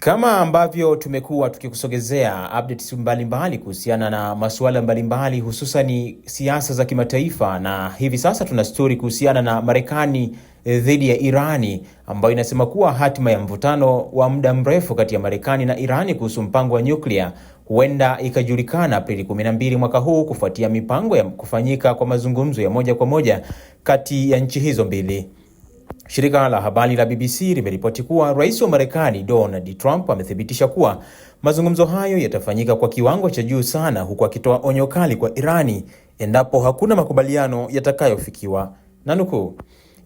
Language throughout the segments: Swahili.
Kama ambavyo tumekuwa tukikusogezea updates mbalimbali kuhusiana na masuala mbalimbali hususan siasa za kimataifa, na hivi sasa tuna stori kuhusiana na Marekani eh, dhidi ya Irani ambayo inasema kuwa hatima ya mvutano wa muda mrefu kati ya Marekani na Irani kuhusu mpango wa nyuklia huenda ikajulikana Aprili 12 mwaka huu kufuatia mipango ya kufanyika kwa mazungumzo ya moja kwa moja kati ya nchi hizo mbili. Shirika la habari la BBC limeripoti kuwa rais wa Marekani Donald Trump amethibitisha kuwa mazungumzo hayo yatafanyika kwa kiwango cha juu sana, huku akitoa onyo kali kwa Irani endapo hakuna makubaliano yatakayofikiwa. Nanukuu,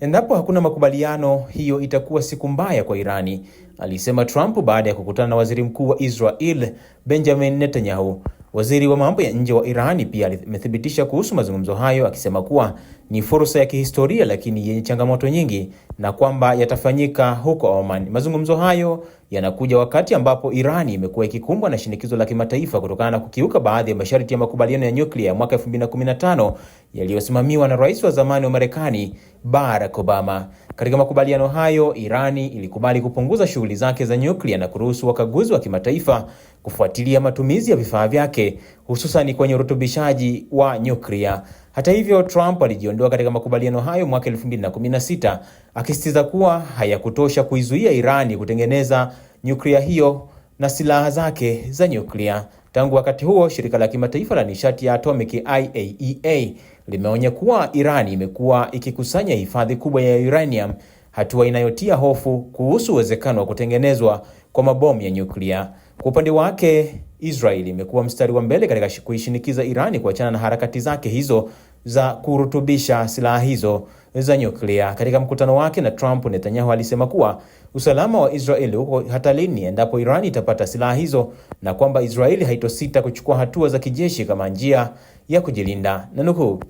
endapo hakuna makubaliano, hiyo itakuwa siku mbaya kwa Irani, alisema Trump baada ya kukutana na waziri mkuu wa Israel Benjamin Netanyahu. Waziri wa mambo ya nje wa Irani pia amethibitisha kuhusu mazungumzo hayo akisema kuwa ni fursa ya kihistoria lakini yenye changamoto nyingi na kwamba yatafanyika huko Oman. Mazungumzo hayo yanakuja wakati ambapo iran imekuwa ikikumbwa na shinikizo la kimataifa kutokana na kukiuka baadhi ya masharti ya makubaliano ya nyuklia ya mwaka 2015 yaliyosimamiwa na rais wa zamani wa Marekani Barack Obama. Katika makubaliano hayo, Irani ilikubali kupunguza shughuli zake za nyuklia na kuruhusu wakaguzi wa kimataifa kufuatilia matumizi ya vifaa vyake, hususan kwenye urutubishaji wa nyuklia. Hata hivyo, Trump alijiondoa katika makubaliano hayo mwaka 2016 akisisitiza kuwa hayakutosha kuizuia Irani kutengeneza nyuklia hiyo na silaha zake za nyuklia. Tangu wakati huo, shirika la kimataifa la nishati ya atomiki IAEA e limeonya kuwa Irani imekuwa ikikusanya hifadhi kubwa ya uranium, hatua inayotia hofu kuhusu uwezekano wa kutengenezwa kwa mabomu ya nyuklia. Kwa upande wake, Israel imekuwa mstari wa mbele katika kuishinikiza Irani kuachana na harakati zake hizo za kurutubisha silaha hizo za nyuklia. Katika mkutano wake na Trump, Netanyahu alisema kuwa usalama wa Israeli uko hatarini endapo Irani itapata silaha hizo na kwamba Israeli haitosita kuchukua hatua za kijeshi kama njia ya kujilinda. Na nukuu,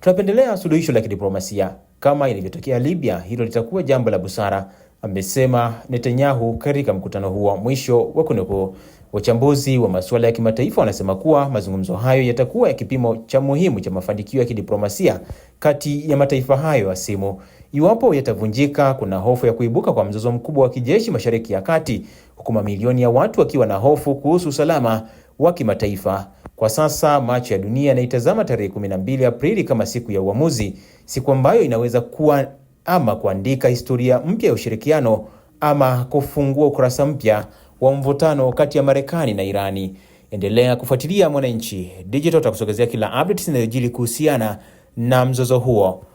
tunapendelea suluhisho la kidiplomasia kama ilivyotokea Libya, hilo litakuwa jambo la busara amesema Netanyahu katika mkutano huo wa mwisho wa kuneko. Wachambuzi wa masuala ya kimataifa wanasema kuwa mazungumzo hayo yatakuwa ya kipimo cha muhimu cha mafanikio ya kidiplomasia kati ya mataifa hayo hasimu. Iwapo yatavunjika, kuna hofu ya kuibuka kwa mzozo mkubwa wa kijeshi Mashariki ya Kati, huku mamilioni ya watu wakiwa na hofu kuhusu usalama wa kimataifa. Kwa sasa macho ya dunia yanaitazama tarehe 12 Aprili kama siku ya uamuzi, siku ambayo inaweza kuwa ama kuandika historia mpya ya ushirikiano ama kufungua ukurasa mpya wa mvutano kati ya Marekani na Irani. Endelea kufuatilia Mwananchi Digital, takusogezea kila update inayojili kuhusiana na mzozo huo.